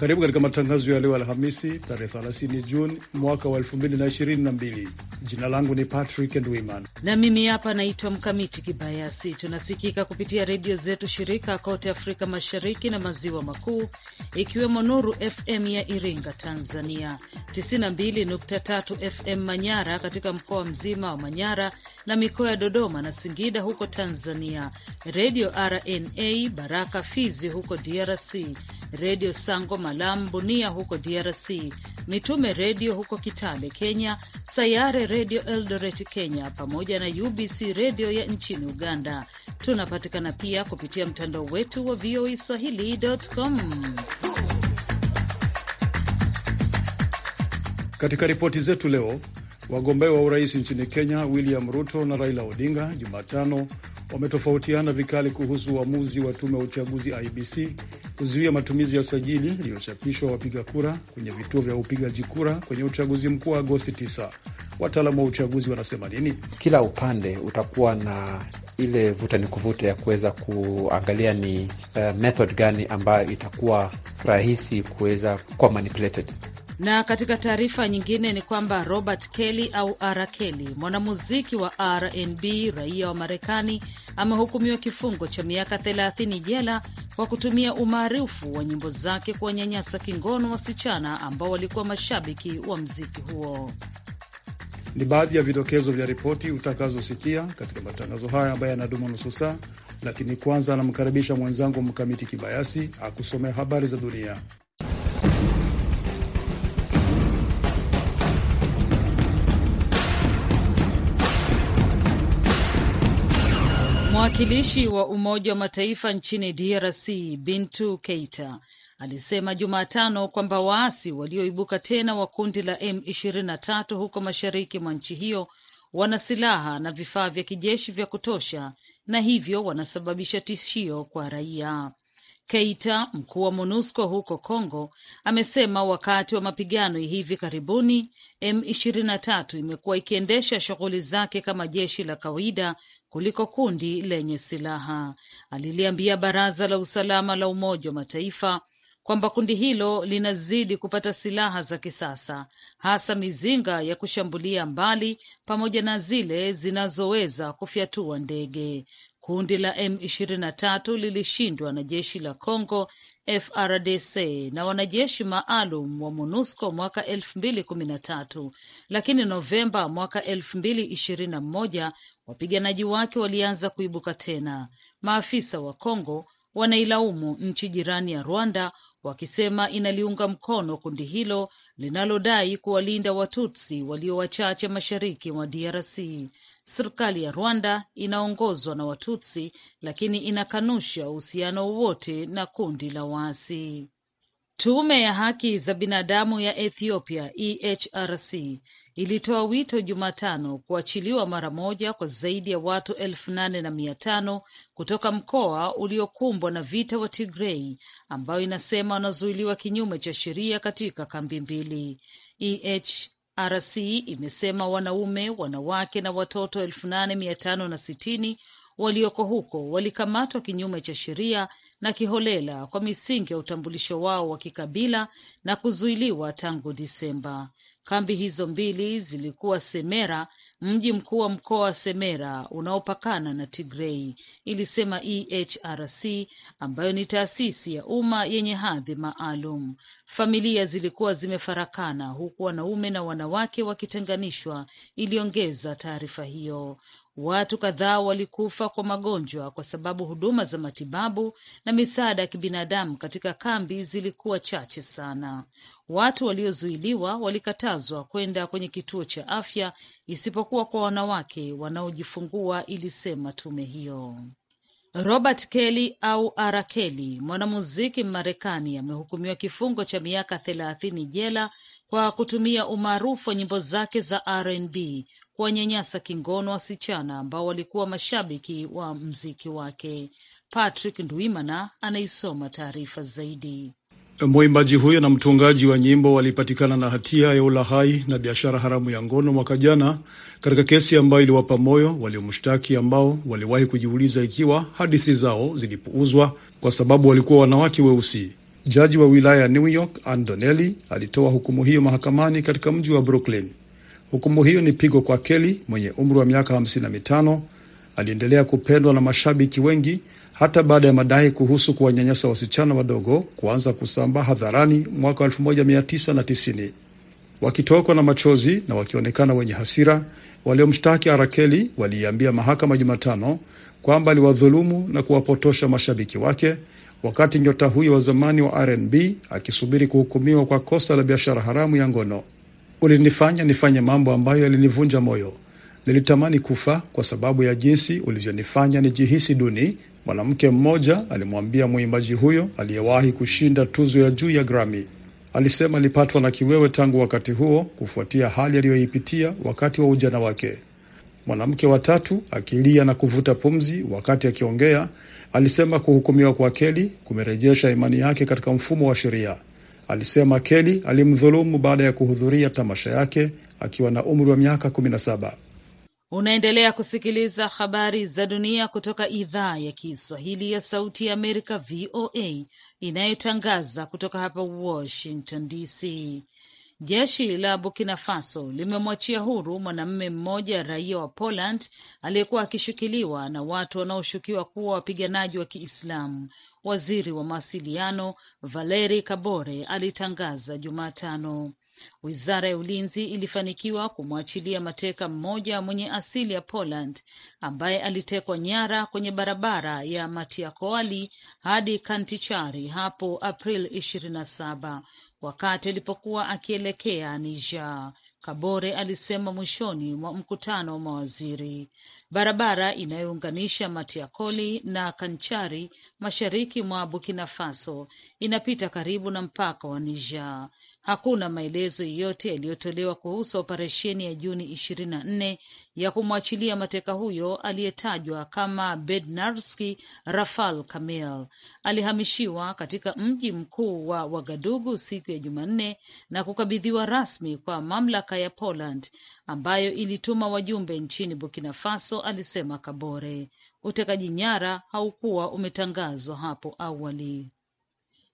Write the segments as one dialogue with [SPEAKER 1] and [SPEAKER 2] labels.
[SPEAKER 1] Karibu katika matangazo ya leo Alhamisi, tarehe 30 Juni mwaka wa 2022. Jina langu ni Patrick Ndwiman
[SPEAKER 2] na mimi hapa naitwa Mkamiti Kibayasi. Tunasikika kupitia redio zetu shirika kote Afrika Mashariki na Maziwa Makuu, ikiwemo Nuru FM ya Iringa Tanzania, 92.3 FM Manyara katika mkoa mzima wa Manyara na mikoa ya Dodoma na Singida huko Tanzania, redio RNA Baraka Fizi huko DRC, redio Sango Malam Bunia huko DRC, Mitume Redio huko Kitale Kenya, Sayare Redio Eldoret Kenya, pamoja na UBC Redio ya nchini Uganda. Tunapatikana pia kupitia mtandao wetu wa VOA e Swahili.com.
[SPEAKER 1] Katika ripoti zetu leo, wagombea wa urais nchini Kenya William Ruto na Raila Odinga Jumatano wametofautiana vikali kuhusu uamuzi wa tume ya uchaguzi IBC kuzuia matumizi ya usajili iliyochapishwa wapiga kura kwenye vituo vya upigaji kura kwenye uchaguzi mkuu wa Agosti 9. Wataalamu wa uchaguzi wanasema nini? Kila upande utakuwa na ile vuta ni
[SPEAKER 3] kuvuta ya kuweza kuangalia ni uh, method gani ambayo itakuwa rahisi kuweza kuwa manipulated.
[SPEAKER 2] Na katika taarifa nyingine ni kwamba Robert Kelly au R Kelly, mwanamuziki wa RnB raia wa Marekani, amehukumiwa kifungo cha miaka 30 jela kwa kutumia umaarufu wa nyimbo zake kuwanyanyasa kingono wasichana ambao walikuwa mashabiki wa mziki huo.
[SPEAKER 1] Ni baadhi ya vidokezo vya ripoti utakazosikia katika matangazo haya ambayo yanadumu nusu saa, lakini kwanza anamkaribisha mwenzangu Mkamiti Kibayasi akusomea habari za dunia.
[SPEAKER 2] Mwakilishi wa Umoja wa Mataifa nchini DRC Bintu Keita alisema Jumatano kwamba waasi walioibuka tena wa kundi la M23 huko mashariki mwa nchi hiyo wana silaha na vifaa vya kijeshi vya kutosha na hivyo wanasababisha tishio kwa raia. Keita, mkuu wa MONUSCO huko Congo, amesema wakati wa mapigano hivi karibuni M23 imekuwa ikiendesha shughuli zake kama jeshi la kawaida kuliko kundi lenye silaha. Aliliambia Baraza la Usalama la Umoja wa Mataifa kwamba kundi hilo linazidi kupata silaha za kisasa, hasa mizinga ya kushambulia mbali pamoja na zile zinazoweza kufyatua ndege. Kundi la M23 lilishindwa na jeshi la Congo FRDC na wanajeshi maalum wa MONUSCO mwaka 2013, lakini Novemba mwaka 2021 wapiganaji wake walianza kuibuka tena. Maafisa wa Kongo wanailaumu nchi jirani ya Rwanda wakisema inaliunga mkono kundi hilo linalodai kuwalinda Watutsi walio wachache mashariki mwa DRC. Serikali ya Rwanda inaongozwa na Watutsi lakini inakanusha uhusiano wowote na kundi la waasi. Tume ya Haki za Binadamu ya Ethiopia EHRC ilitoa wito Jumatano kuachiliwa mara moja kwa zaidi ya watu elfu nane na mia tano kutoka mkoa uliokumbwa na vita wa Tigrei, ambayo inasema wanazuiliwa kinyume cha sheria katika kambi mbili. EHRC imesema wanaume, wanawake na watoto elfu nane mia tano na sitini walioko huko walikamatwa kinyume cha sheria na kiholela kwa misingi ya utambulisho wao wa kikabila na kuzuiliwa tangu Disemba. Kambi hizo mbili zilikuwa Semera, mji mkuu wa mkoa wa Semera unaopakana na Tigrei, ilisema EHRC ambayo ni taasisi ya umma yenye hadhi maalum. Familia zilikuwa zimefarakana huku wanaume na wanawake wakitenganishwa, iliongeza taarifa hiyo. Watu kadhaa walikufa kwa magonjwa kwa sababu huduma za matibabu na misaada ya kibinadamu katika kambi zilikuwa chache sana. Watu waliozuiliwa walikatazwa kwenda kwenye kituo cha afya isipokuwa kwa wanawake wanaojifungua, ilisema tume hiyo. Robert Kelly au R. Kelly, mwanamuziki Mmarekani, amehukumiwa kifungo cha miaka thelathini jela kwa kutumia umaarufu wa nyimbo zake za RnB kuwanyanyasa kingono wasichana ambao walikuwa mashabiki wa mziki wake. Patrick Ndwimana anaisoma taarifa zaidi.
[SPEAKER 1] Mwimbaji huyo na mtungaji wa nyimbo walipatikana na hatia ya ulahai na biashara haramu ya ngono mwaka jana katika kesi ambayo iliwapa moyo waliomshtaki ambao waliwahi kujiuliza ikiwa hadithi zao zilipuuzwa kwa sababu walikuwa wanawake weusi. Jaji wa wilaya ya New York alitoa hukumu hiyo mahakamani katika mji wa Brooklyn. Hukumu hiyo ni pigo kwa Kelly mwenye umri wa miaka hamsini na mitano. Aliendelea kupendwa na mashabiki wengi hata baada ya madai kuhusu kuwanyanyasa wasichana wadogo kuanza kusambaa hadharani mwaka 1990. Wakitokwa na machozi na wakionekana wenye hasira, waliomshtaki Arakeli waliiambia mahakama Jumatano kwamba aliwadhulumu na kuwapotosha mashabiki wake wakati nyota huyo wa zamani wa rnb akisubiri kuhukumiwa kwa kosa la biashara haramu ya ngono. Ulinifanya nifanye mambo ambayo yalinivunja moyo. Nilitamani kufa kwa sababu ya jinsi ulivyonifanya nijihisi duni, mwanamke mmoja alimwambia mwimbaji huyo aliyewahi kushinda tuzo ya juu ya Grammy. Alisema alipatwa na kiwewe tangu wakati huo kufuatia hali aliyoipitia wakati wa ujana wake. Mwanamke wa tatu akilia na kuvuta pumzi wakati akiongea, alisema kuhukumiwa kwa Kelly kumerejesha imani yake katika mfumo wa sheria alisema Kelly alimdhulumu baada ya kuhudhuria tamasha yake akiwa na umri wa miaka 17.
[SPEAKER 2] Unaendelea kusikiliza habari za dunia kutoka idhaa ya Kiswahili ya Sauti ya Amerika, VOA, inayotangaza kutoka hapa Washington DC. Jeshi la Burkina Faso limemwachia huru mwanamume mmoja raia wa Poland aliyekuwa akishikiliwa na watu wanaoshukiwa kuwa wapiganaji wa Kiislamu waziri wa mawasiliano valeri Kabore alitangaza Jumatano. Wizara ya ulinzi ilifanikiwa kumwachilia mateka mmoja mwenye asili ya Poland ambaye alitekwa nyara kwenye barabara ya Matiakoali hadi Kantichari hapo April 27 wakati alipokuwa akielekea Niger. Kabore alisema mwishoni mwa mkutano wa mawaziri. Barabara inayounganisha Matiakoli na Kanchari mashariki mwa Burkina Faso inapita karibu na mpaka wa Niger. Hakuna maelezo yoyote yaliyotolewa kuhusu operesheni ya Juni 24 ya kumwachilia mateka huyo aliyetajwa kama Bednarski. Rafal Kamel alihamishiwa katika mji mkuu wa Wagadugu siku ya Jumanne na kukabidhiwa rasmi kwa mamlaka ya Poland ambayo ilituma wajumbe nchini Burkina Faso, alisema Kabore. Utekaji nyara haukuwa umetangazwa hapo awali.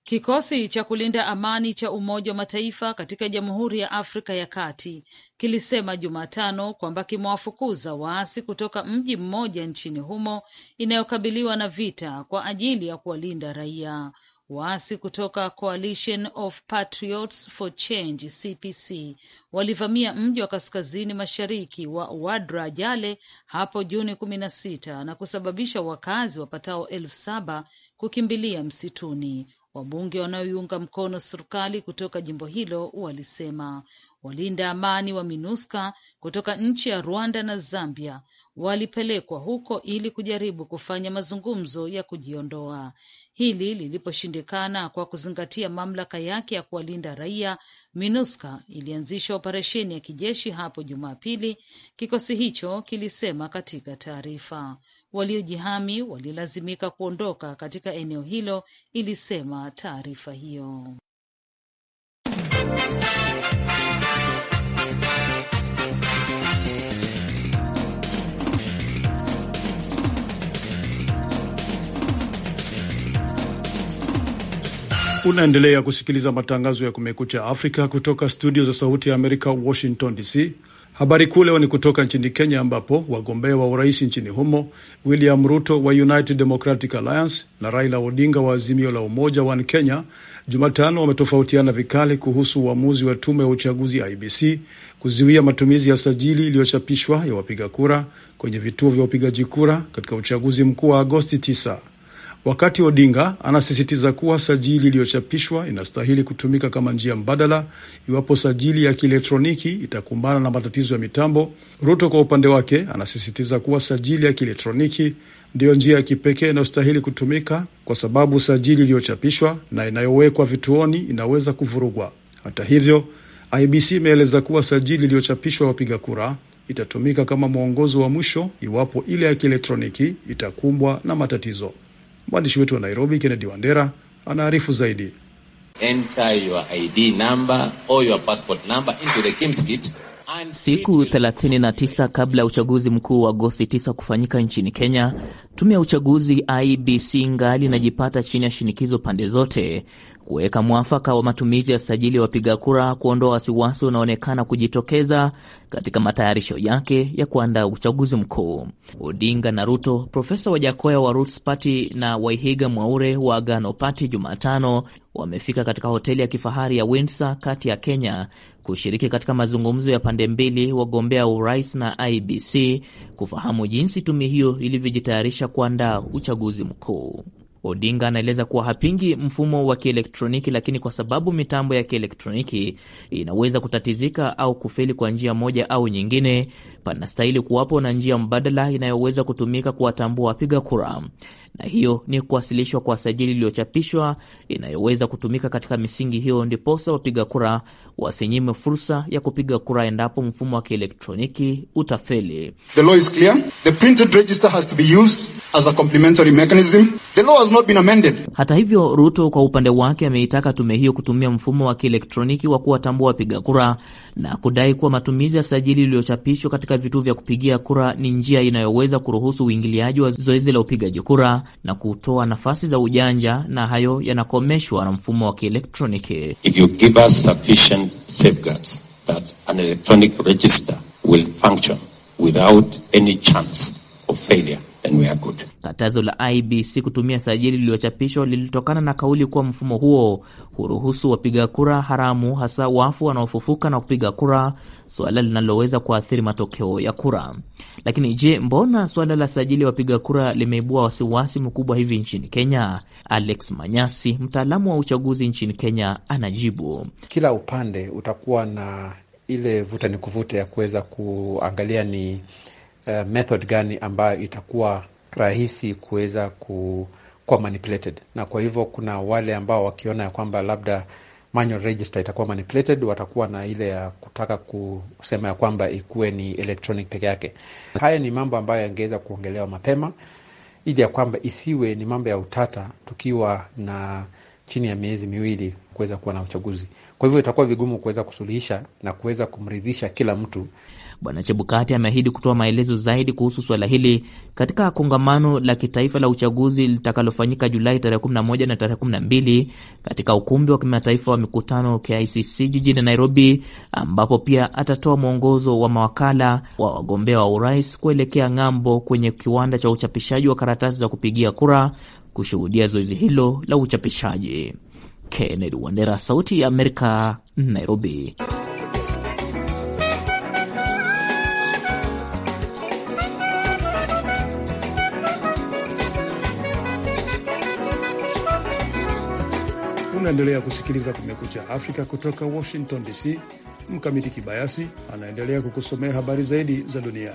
[SPEAKER 2] Kikosi cha kulinda amani cha Umoja wa Mataifa katika Jamhuri ya Afrika ya Kati kilisema Jumatano kwamba kimewafukuza waasi kutoka mji mmoja nchini humo inayokabiliwa na vita kwa ajili ya kuwalinda raia. Waasi kutoka Coalition of Patriots for Change CPC walivamia mji wa kaskazini mashariki wa Wadra Jale hapo Juni kumi na sita na kusababisha wakazi wapatao elfu saba kukimbilia msituni Wabunge wanaoiunga mkono serikali kutoka jimbo hilo walisema walinda amani wa minuska kutoka nchi ya Rwanda na Zambia walipelekwa huko ili kujaribu kufanya mazungumzo ya kujiondoa. Hili liliposhindikana kwa kuzingatia mamlaka yake ya kuwalinda raia, minuska ilianzisha operesheni ya kijeshi hapo Jumapili, kikosi hicho kilisema katika taarifa waliojihami walilazimika kuondoka katika eneo hilo, ilisema taarifa hiyo.
[SPEAKER 1] Unaendelea kusikiliza matangazo ya Kumekucha Afrika kutoka studio za Sauti ya Amerika, Washington DC. Habari kuu leo ni kutoka nchini Kenya, ambapo wagombea wa urais nchini humo William Ruto wa United Democratic Alliance na Raila Odinga wa Azimio la Umoja One Kenya Jumatano wametofautiana vikali kuhusu uamuzi wa tume ya uchaguzi IBC kuzuia matumizi ya sajili iliyochapishwa ya wapiga kura kwenye vituo vya upigaji kura katika uchaguzi mkuu wa Agosti 9 wakati Odinga anasisitiza kuwa sajili iliyochapishwa inastahili kutumika kama njia mbadala iwapo sajili ya kielektroniki itakumbana na matatizo ya mitambo. Ruto kwa upande wake anasisitiza kuwa sajili ya kielektroniki ndiyo njia ya kipekee inayostahili kutumika kwa sababu sajili iliyochapishwa na inayowekwa vituoni inaweza kuvurugwa. Hata hivyo, IBC imeeleza kuwa sajili iliyochapishwa wapiga kura itatumika kama mwongozo wa mwisho iwapo ile ya kielektroniki itakumbwa na matatizo. Mwandishi wetu wa Nairobi, Kennedy Wandera, anaarifu zaidi.
[SPEAKER 4] Siku 39 kabla ya uchaguzi mkuu wa Agosti 9 kufanyika nchini Kenya, tume ya uchaguzi IBC ngali inajipata chini ya shinikizo pande zote kuweka mwafaka wa matumizi ya sajili ya wapiga kura, kuondoa wasiwasi unaonekana kujitokeza katika matayarisho yake ya kuandaa uchaguzi mkuu. Odinga na Ruto, Profesa Wajakoya wa Roots Party na Waihiga Mwaure wa Agano Party Jumatano wamefika katika hoteli ya kifahari ya Windsor kati ya Kenya kushiriki katika mazungumzo ya pande mbili wagombea urais na IBC kufahamu jinsi tume hiyo ilivyojitayarisha kuandaa uchaguzi mkuu. Odinga anaeleza kuwa hapingi mfumo wa kielektroniki, lakini kwa sababu mitambo ya kielektroniki inaweza kutatizika au kufeli kwa njia moja au nyingine, panastahili kuwapo na njia mbadala inayoweza kutumika kuwatambua wapiga kura, na hiyo ni kuwasilishwa kwa sajili iliyochapishwa inayoweza kutumika katika misingi hiyo, ndiposa wapiga kura wasinyime fursa ya kupiga kura endapo mfumo wa kielektroniki utafeli. The law is clear. The printed register has to be used as a complementary mechanism. The law has not been amended. Hata hivyo, Ruto kwa upande wake ameitaka tume hiyo kutumia mfumo wa kielektroniki wa kuwatambua wapiga kura na kudai kuwa matumizi ya sajili iliyochapishwa katika vituo vya kupigia kura ni njia inayoweza kuruhusu uingiliaji wa zoezi la upigaji kura na kutoa nafasi za ujanja, na hayo yanakomeshwa na mfumo wa kielektroniki.
[SPEAKER 3] If you give us sufficient safeguards that an electronic register will function without any chance of failure
[SPEAKER 4] and we are good. Katazo la IBC kutumia sajili liliochapishwa lilitokana na kauli kuwa mfumo huo huruhusu wapiga kura haramu, hasa wafu wanaofufuka na kupiga kura, suala linaloweza kuathiri matokeo ya kura. Lakini je, mbona suala la sajili ya wapiga kura limeibua wasiwasi mkubwa hivi nchini Kenya? Alex Manyasi, mtaalamu wa uchaguzi nchini Kenya, anajibu.
[SPEAKER 3] Kila upande utakuwa na ile vuta ni kuvute ya kuweza kuangalia ni Eh, method gani ambayo itakuwa rahisi kuweza ku kuwa manipulated, na kwa hivyo kuna wale ambao wakiona ya kwamba labda manual register itakuwa manipulated, watakuwa na ile ya kutaka kusema ya kwamba ikuwe ni electronic peke yake. Haya ni mambo ambayo yangeweza kuongelewa mapema ili ya kwamba isiwe ni mambo ya utata tukiwa na chini ya miezi miwili kuweza kuwa na uchaguzi.
[SPEAKER 4] Kwa hivyo itakuwa vigumu kuweza kusuluhisha na kuweza kumridhisha kila mtu. Bwana Chebukati ameahidi kutoa maelezo zaidi kuhusu suala hili katika kongamano la kitaifa la uchaguzi litakalofanyika Julai tarehe 11 na tarehe 12 katika ukumbi wa kimataifa wa mikutano KICC jijini Nairobi, ambapo pia atatoa mwongozo wa mawakala wa wagombea wa urais kuelekea ng'ambo kwenye kiwanda cha uchapishaji wa karatasi za kupigia kura kushuhudia zoezi hilo la uchapishaji. Kennedy Wandera, Sauti ya Amerika, Nairobi.
[SPEAKER 1] Unaendelea kusikiliza Kumekucha Afrika kutoka Washington DC. Mkamiti Kibayasi anaendelea kukusomea habari zaidi za dunia.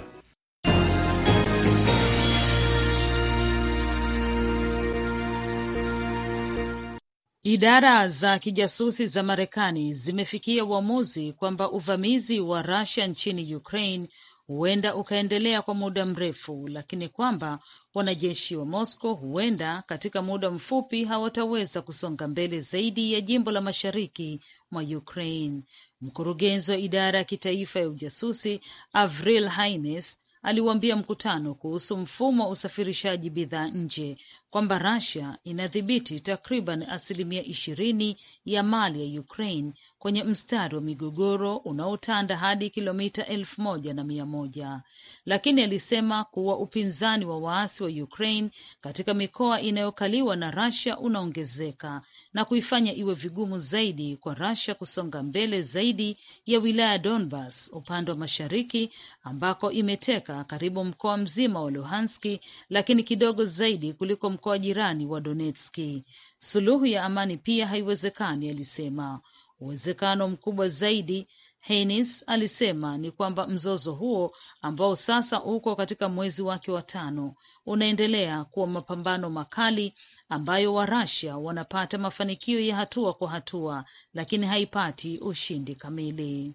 [SPEAKER 2] Idara za kijasusi za Marekani zimefikia uamuzi kwamba uvamizi wa Russia nchini Ukraine huenda ukaendelea kwa muda mrefu, lakini kwamba wanajeshi wa Moscow huenda katika muda mfupi hawataweza kusonga mbele zaidi ya jimbo la mashariki mwa Ukraine. Mkurugenzi wa idara ya kitaifa ya ujasusi Avril Haines aliuambia mkutano kuhusu mfumo wa usafirishaji bidhaa nje kwamba Russia inadhibiti takriban asilimia ishirini ya mali ya Ukraine kwenye mstari wa migogoro unaotanda hadi kilomita elfu moja na mia moja, lakini alisema kuwa upinzani wa waasi wa Ukraine katika mikoa inayokaliwa na Russia unaongezeka na kuifanya iwe vigumu zaidi kwa Russia kusonga mbele zaidi ya wilaya Donbas upande wa mashariki ambako imeteka karibu mkoa mzima wa Luhanski, lakini kidogo zaidi kuliko mkoa jirani wa Donetski. Suluhu ya amani pia haiwezekani, alisema. Uwezekano mkubwa zaidi Henis alisema ni kwamba mzozo huo ambao sasa uko katika mwezi wake wa tano unaendelea kuwa mapambano makali ambayo Warusia wanapata mafanikio ya hatua kwa hatua, lakini haipati ushindi kamili.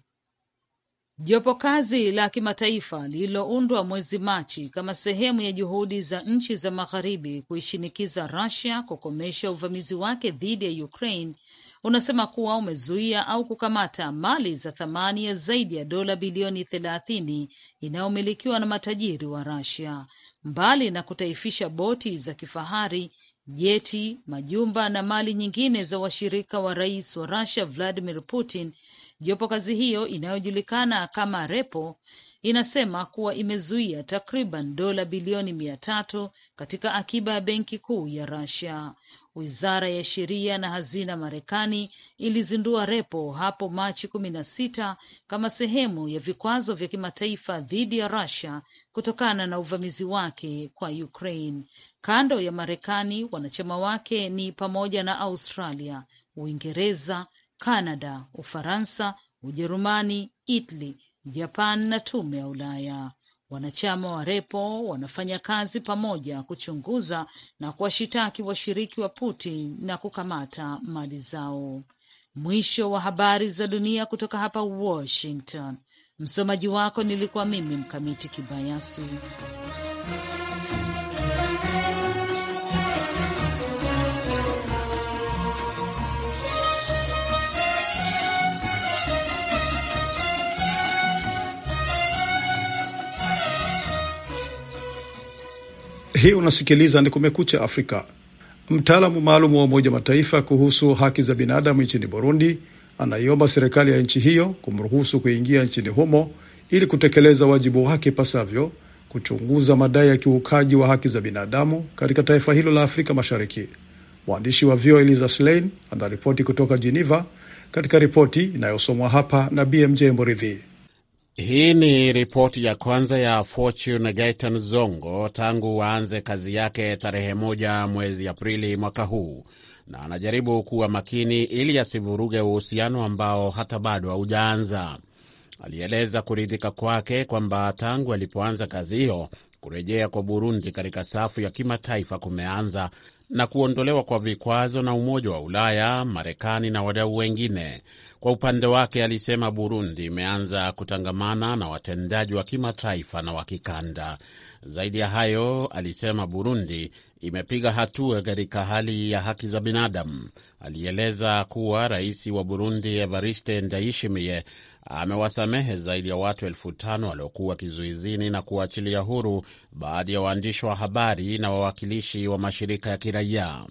[SPEAKER 2] Jopo kazi la kimataifa lililoundwa mwezi Machi kama sehemu ya juhudi za nchi za magharibi kuishinikiza rasia kukomesha uvamizi wake dhidi ya Ukraine unasema kuwa umezuia au kukamata mali za thamani ya zaidi ya dola bilioni thelathini inayomilikiwa na matajiri wa rasia mbali na kutaifisha boti za kifahari jeti, majumba na mali nyingine za washirika wa rais wa Russia Vladimir Putin. Jopo kazi hiyo inayojulikana kama Repo inasema kuwa imezuia takriban dola bilioni mia tatu katika akiba ya benki kuu ya Russia. Wizara ya sheria na hazina Marekani ilizindua Repo hapo Machi kumi na sita kama sehemu ya vikwazo vya kimataifa dhidi ya Russia kutokana na uvamizi wake kwa Ukraine. Kando ya Marekani, wanachama wake ni pamoja na Australia, Uingereza, Kanada, Ufaransa, Ujerumani, Italy, Japan na Tume ya Ulaya. Wanachama wa Repo wanafanya kazi pamoja kuchunguza na kuwashitaki washiriki wa Putin na kukamata mali zao. Mwisho wa habari za dunia kutoka hapa Washington. Msomaji wako nilikuwa mimi Mkamiti Kibayasi.
[SPEAKER 1] Hii unasikiliza ni Kumekucha Afrika. Mtaalamu maalum wa Umoja Mataifa kuhusu haki za binadamu nchini Burundi anaiomba serikali ya nchi hiyo kumruhusu kuingia nchini humo ili kutekeleza wajibu wake pasavyo, kuchunguza madai ya kiukaji wa haki za binadamu katika taifa hilo la Afrika Mashariki. Mwandishi wa VOA Eliza Slein anaripoti kutoka Geneva, katika ripoti inayosomwa hapa na BMJ Mridhi.
[SPEAKER 3] Hii ni ripoti ya kwanza ya Fortune Gaitan Zongo tangu waanze kazi yake tarehe moja mwezi Aprili mwaka huu, na anajaribu kuwa makini ili asivuruge uhusiano ambao hata bado haujaanza. Alieleza kuridhika kwake kwamba tangu alipoanza kazi hiyo, kurejea kwa Burundi katika safu ya kimataifa kumeanza na kuondolewa kwa vikwazo na Umoja wa Ulaya, Marekani na wadau wengine. Kwa upande wake alisema Burundi imeanza kutangamana na watendaji wa kimataifa na wa kikanda. Zaidi ya hayo, alisema Burundi imepiga hatua katika hali ya haki za binadamu. Alieleza kuwa rais wa Burundi Evariste Ndayishimiye amewasamehe zaidi ya watu elfu tano waliokuwa kizuizini na kuwachilia huru baadhi ya waandishi wa habari na wawakilishi wa mashirika ya kiraia.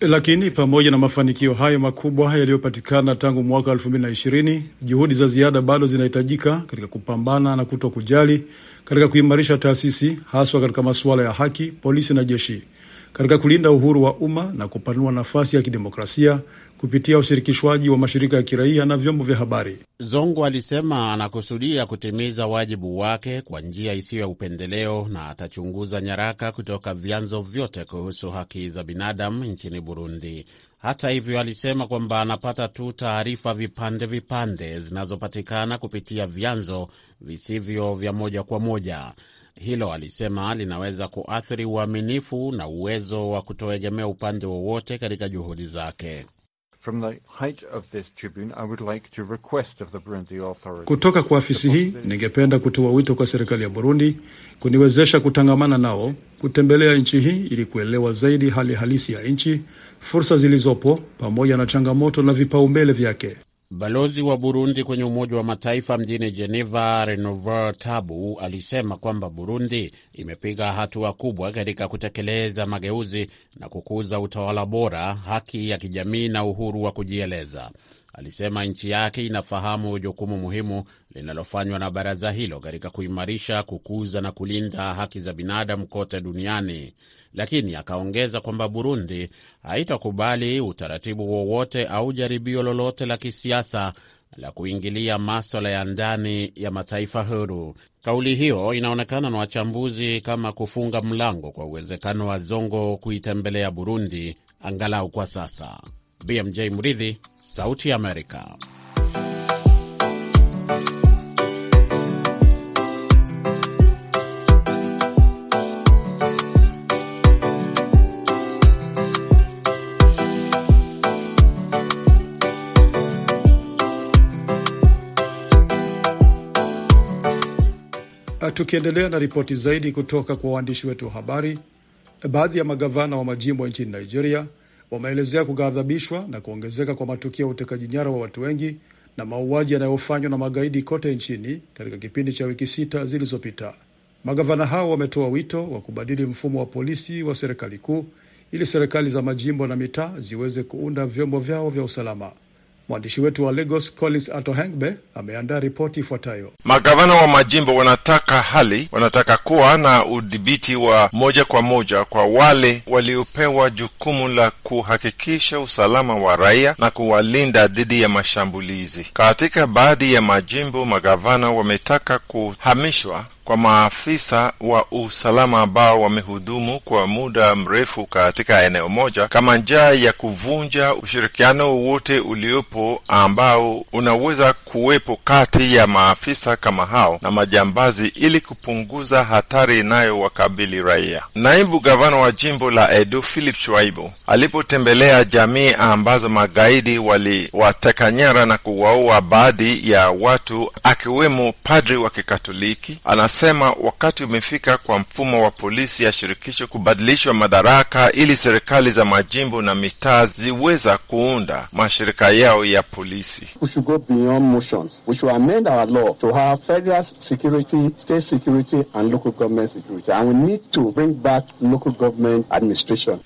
[SPEAKER 1] Lakini pamoja na mafanikio hayo makubwa yaliyopatikana tangu mwaka 2020, juhudi za ziada bado zinahitajika katika kupambana na kuto kujali katika kuimarisha taasisi, haswa katika masuala ya haki, polisi na jeshi katika kulinda uhuru wa umma na kupanua nafasi ya kidemokrasia kupitia ushirikishwaji wa mashirika ya kiraia na vyombo vya habari. Zongo
[SPEAKER 3] alisema anakusudia kutimiza wajibu wake kwa njia isiyo ya upendeleo na atachunguza nyaraka kutoka vyanzo vyote kuhusu haki za binadamu nchini Burundi. Hata hivyo, alisema kwamba anapata tu taarifa vipande vipande zinazopatikana kupitia vyanzo visivyo vya moja kwa moja. Hilo alisema linaweza kuathiri uaminifu na uwezo wa kutoegemea upande wowote katika juhudi zake.
[SPEAKER 1] Kutoka kwa afisi hii ningependa kutoa wito kwa serikali ya Burundi kuniwezesha kutangamana nao, kutembelea nchi hii ili kuelewa zaidi hali halisi ya nchi, fursa zilizopo, pamoja na changamoto na vipaumbele vyake.
[SPEAKER 3] Balozi wa Burundi kwenye Umoja wa Mataifa mjini Geneva, Renover Tabu, alisema kwamba Burundi imepiga hatua kubwa katika kutekeleza mageuzi na kukuza utawala bora, haki ya kijamii na uhuru wa kujieleza. Alisema nchi yake inafahamu jukumu muhimu linalofanywa na baraza hilo katika kuimarisha, kukuza na kulinda haki za binadamu kote duniani lakini akaongeza kwamba Burundi haitakubali utaratibu wowote au jaribio lolote la kisiasa la kuingilia maswala ya ndani ya mataifa huru. Kauli hiyo inaonekana na wachambuzi kama kufunga mlango kwa uwezekano wa Zongo kuitembelea Burundi, angalau kwa sasa. BMJ Mridhi, Sauti ya Amerika.
[SPEAKER 1] Tukiendelea na ripoti zaidi kutoka kwa waandishi wetu wa habari, baadhi ya magavana wa majimbo nchini Nigeria wameelezea kughadhabishwa na kuongezeka kwa matukio ya utekaji nyara wa watu wengi na mauaji yanayofanywa na magaidi kote nchini katika kipindi cha wiki sita zilizopita. Magavana hao wametoa wito wa kubadili mfumo wa polisi wa serikali kuu ili serikali za majimbo na mitaa ziweze kuunda vyombo vyao vya usalama. Mwandishi wetu wa Lagos Collins Atohengbe ameandaa ripoti ifuatayo. Magavana wa
[SPEAKER 5] majimbo wanataka hali, wanataka kuwa na udhibiti wa moja kwa moja kwa wale waliopewa jukumu la kuhakikisha usalama wa raia na kuwalinda dhidi ya mashambulizi. Katika baadhi ya majimbo, magavana wametaka kuhamishwa kwa maafisa wa usalama ambao wamehudumu kwa muda mrefu katika eneo moja kama njia ya kuvunja ushirikiano wote uliopo ambao unaweza kuwepo kati ya maafisa kama hao na majambazi ili kupunguza hatari inayowakabili raia. Naibu gavana wa jimbo la Edo Philip Shwaibu alipotembelea jamii ambazo magaidi waliwateka nyara na kuwaua baadhi ya watu akiwemo padri wa Kikatoliki anasema wakati umefika kwa mfumo wa polisi ya shirikisho kubadilishwa madaraka ili serikali za majimbo na mitaa ziweza kuunda mashirika yao ya polisi.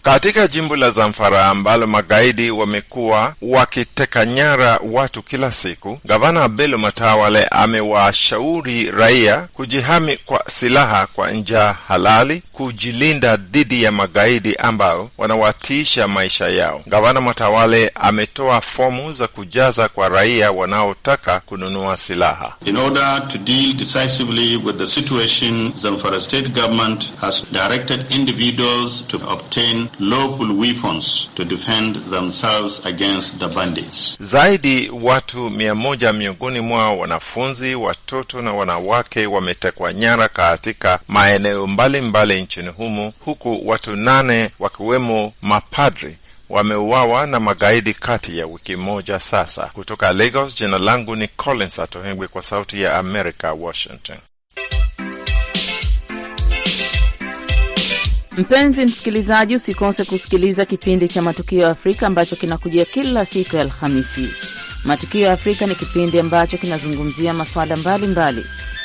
[SPEAKER 5] Katika jimbo la Zamfara ambalo magaidi wamekuwa wakiteka nyara watu kila siku, gavana Abelo Matawale amewashauri raia kujihami kujihami kwa silaha kwa njia halali, kujilinda dhidi ya magaidi ambao wanawatiisha maisha yao. Gavana matawale ametoa fomu za kujaza kwa raia wanaotaka kununua silaha. In order to deal decisively with the situation, Zamfara state government has directed individuals to obtain lawful weapons to defend themselves against the bandits. Zaidi watu mia moja miongoni mwa wanafunzi, watoto na wanawake wametekwa nyara katika maeneo mbalimbali nchini humo, huku watu nane wakiwemo mapadri wameuawa na magaidi kati ya wiki moja sasa. Kutoka Lagos, jina langu ni Collins Atohengwi kwa Sauti ya America, Washington.
[SPEAKER 2] Mpenzi msikilizaji, usikose kusikiliza kipindi cha Matukio ya Afrika ambacho kinakujia kila siku ya Alhamisi. Matukio ya Afrika ni kipindi ambacho kinazungumzia masuala mbalimbali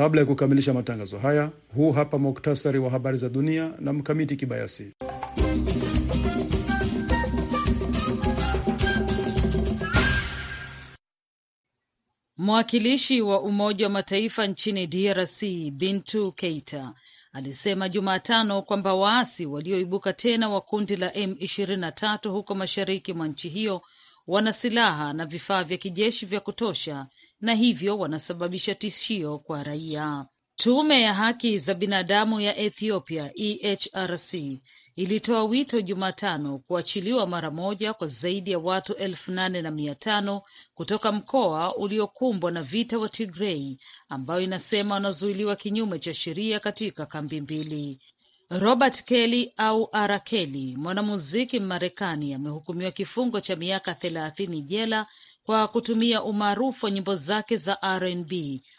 [SPEAKER 1] Kabla ya kukamilisha matangazo haya, huu hapa muktasari wa habari za dunia na Mkamiti Kibayasi.
[SPEAKER 2] Mwakilishi wa Umoja wa Mataifa nchini DRC Bintu Keita alisema Jumatano kwamba waasi walioibuka tena wa kundi la M23 huko mashariki mwa nchi hiyo wana silaha na vifaa vya kijeshi vya kutosha na hivyo wanasababisha tishio kwa raia. Tume ya haki za binadamu ya Ethiopia EHRC ilitoa wito Jumatano kuachiliwa mara moja kwa zaidi ya watu elfu nane na mia tano kutoka mkoa uliokumbwa na vita wa Tigrei, ambayo inasema wanazuiliwa kinyume cha sheria katika kambi mbili. Robert Kelly au Ara Kelly, mwanamuziki Mmarekani, amehukumiwa kifungo cha miaka thelathini jela kwa kutumia umaarufu wa nyimbo zake za rnb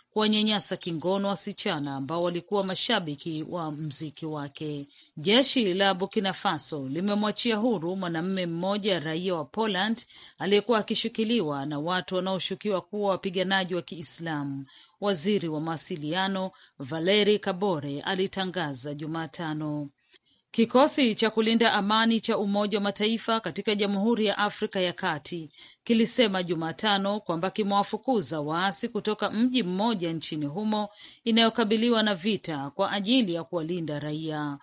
[SPEAKER 2] kuwanyanyasa kingono wasichana ambao walikuwa mashabiki wa mziki wake. Jeshi la Burkina Faso limemwachia huru mwanamume mmoja raia wa Poland aliyekuwa akishikiliwa na watu wanaoshukiwa kuwa wapiganaji wa Kiislamu. Waziri wa mawasiliano Valeri Kabore alitangaza Jumatano. Kikosi cha kulinda amani cha Umoja wa Mataifa katika Jamhuri ya Afrika ya Kati kilisema Jumatano kwamba kimewafukuza waasi kutoka mji mmoja nchini humo inayokabiliwa na vita kwa ajili ya kuwalinda raia.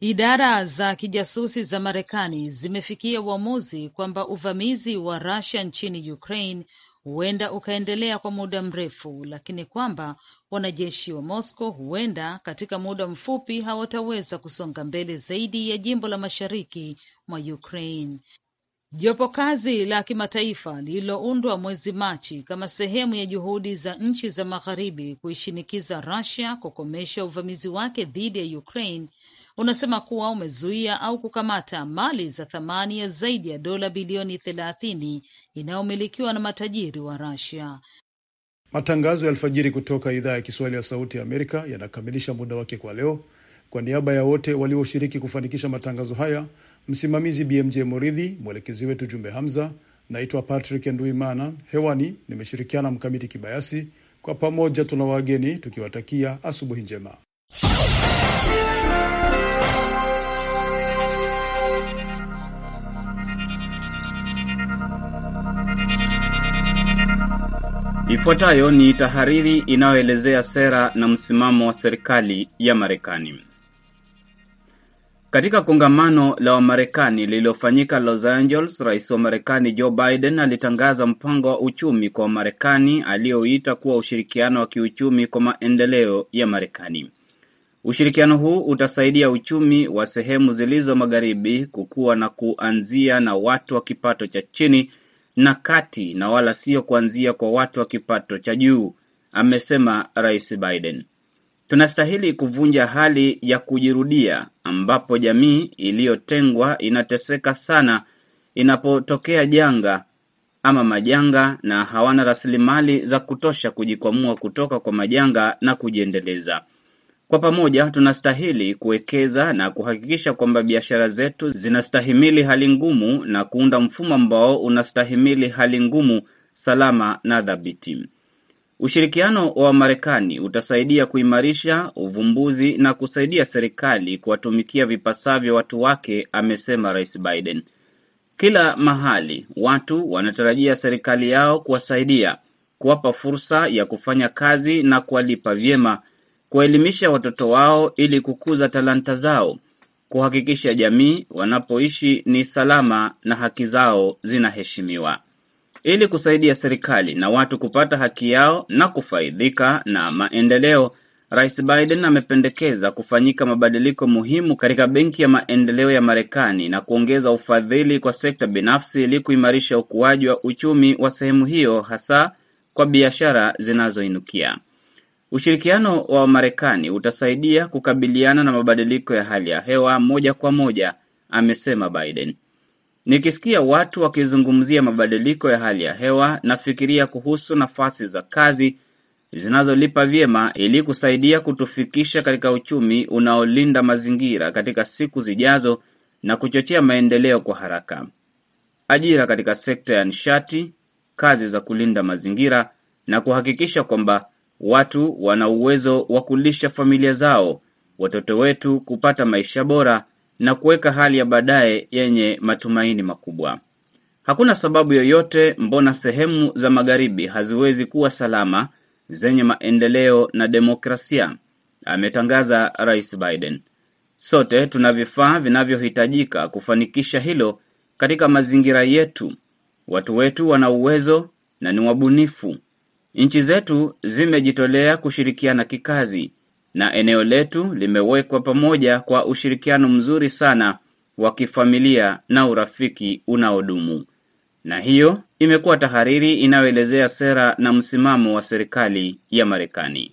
[SPEAKER 2] Idara za kijasusi za Marekani zimefikia uamuzi kwamba uvamizi wa Russia nchini Ukraine huenda ukaendelea kwa muda mrefu, lakini kwamba wanajeshi wa Moscow huenda katika muda mfupi hawataweza kusonga mbele zaidi ya jimbo la mashariki mwa Ukraine. Jopo kazi la kimataifa lililoundwa mwezi Machi kama sehemu ya juhudi za nchi za magharibi kuishinikiza Russia kukomesha uvamizi wake dhidi ya Ukraine unasema kuwa umezuia au kukamata mali za thamani ya zaidi ya dola bilioni thelathini inayomilikiwa na matajiri wa rasia
[SPEAKER 1] Matangazo ya alfajiri kutoka idhaa ya Kiswahili ya Sauti ya Amerika yanakamilisha muda wake kwa leo. Kwa niaba ya wote walioshiriki kufanikisha matangazo haya, msimamizi BMJ Moridhi, mwelekezi wetu Jumbe Hamza, naitwa Patrick Nduimana. Hewani nimeshirikiana Mkamiti Kibayasi. Kwa pamoja tuna wageni tukiwatakia asubuhi njema.
[SPEAKER 6] Ifuatayo ni tahariri inayoelezea sera na msimamo wa serikali ya Marekani. Katika kongamano la Wamarekani lililofanyika Los Angeles, rais wa Marekani Joe Biden alitangaza mpango wa uchumi kwa Wamarekani aliyoita kuwa ushirikiano wa kiuchumi kwa maendeleo ya Marekani. Ushirikiano huu utasaidia uchumi wa sehemu zilizo magharibi kukua na kuanzia na watu wa kipato cha chini na kati na wala sio kuanzia kwa watu wa kipato cha juu, amesema Rais Biden. Tunastahili kuvunja hali ya kujirudia ambapo jamii iliyotengwa inateseka sana inapotokea janga ama majanga na hawana rasilimali za kutosha kujikwamua kutoka kwa majanga na kujiendeleza. Kwa pamoja tunastahili kuwekeza na kuhakikisha kwamba biashara zetu zinastahimili hali ngumu na kuunda mfumo ambao unastahimili hali ngumu, salama na dhabiti. Ushirikiano wa Marekani utasaidia kuimarisha uvumbuzi na kusaidia serikali kuwatumikia vipasavyo watu wake, amesema Rais Biden. Kila mahali watu wanatarajia serikali yao kuwasaidia, kuwapa fursa ya kufanya kazi na kuwalipa vyema kuwaelimisha watoto wao ili kukuza talanta zao, kuhakikisha jamii wanapoishi ni salama na haki zao zinaheshimiwa. Ili kusaidia serikali na watu kupata haki yao na kufaidhika na maendeleo, Rais Biden amependekeza kufanyika mabadiliko muhimu katika Benki ya Maendeleo ya Marekani na kuongeza ufadhili kwa sekta binafsi ili kuimarisha ukuaji wa uchumi wa sehemu hiyo hasa kwa biashara zinazoinukia. Ushirikiano wa Marekani utasaidia kukabiliana na mabadiliko ya hali ya hewa moja kwa moja, amesema Biden. Nikisikia watu wakizungumzia mabadiliko ya hali ya hewa, nafikiria kuhusu nafasi za kazi zinazolipa vyema ili kusaidia kutufikisha katika uchumi unaolinda mazingira katika siku zijazo na kuchochea maendeleo kwa haraka. Ajira katika sekta ya nishati, kazi za kulinda mazingira na kuhakikisha kwamba Watu wana uwezo wa kulisha familia zao, watoto wetu kupata maisha bora na kuweka hali ya baadaye yenye matumaini makubwa. Hakuna sababu yoyote mbona sehemu za magharibi haziwezi kuwa salama, zenye maendeleo na demokrasia, ametangaza Rais Biden. Sote tuna vifaa vinavyohitajika kufanikisha hilo katika mazingira yetu. Watu wetu wana uwezo na ni wabunifu. Nchi zetu zimejitolea kushirikiana kikazi na eneo letu limewekwa pamoja kwa ushirikiano mzuri sana wa kifamilia na urafiki unaodumu. Na hiyo imekuwa tahariri inayoelezea sera na msimamo wa serikali ya Marekani.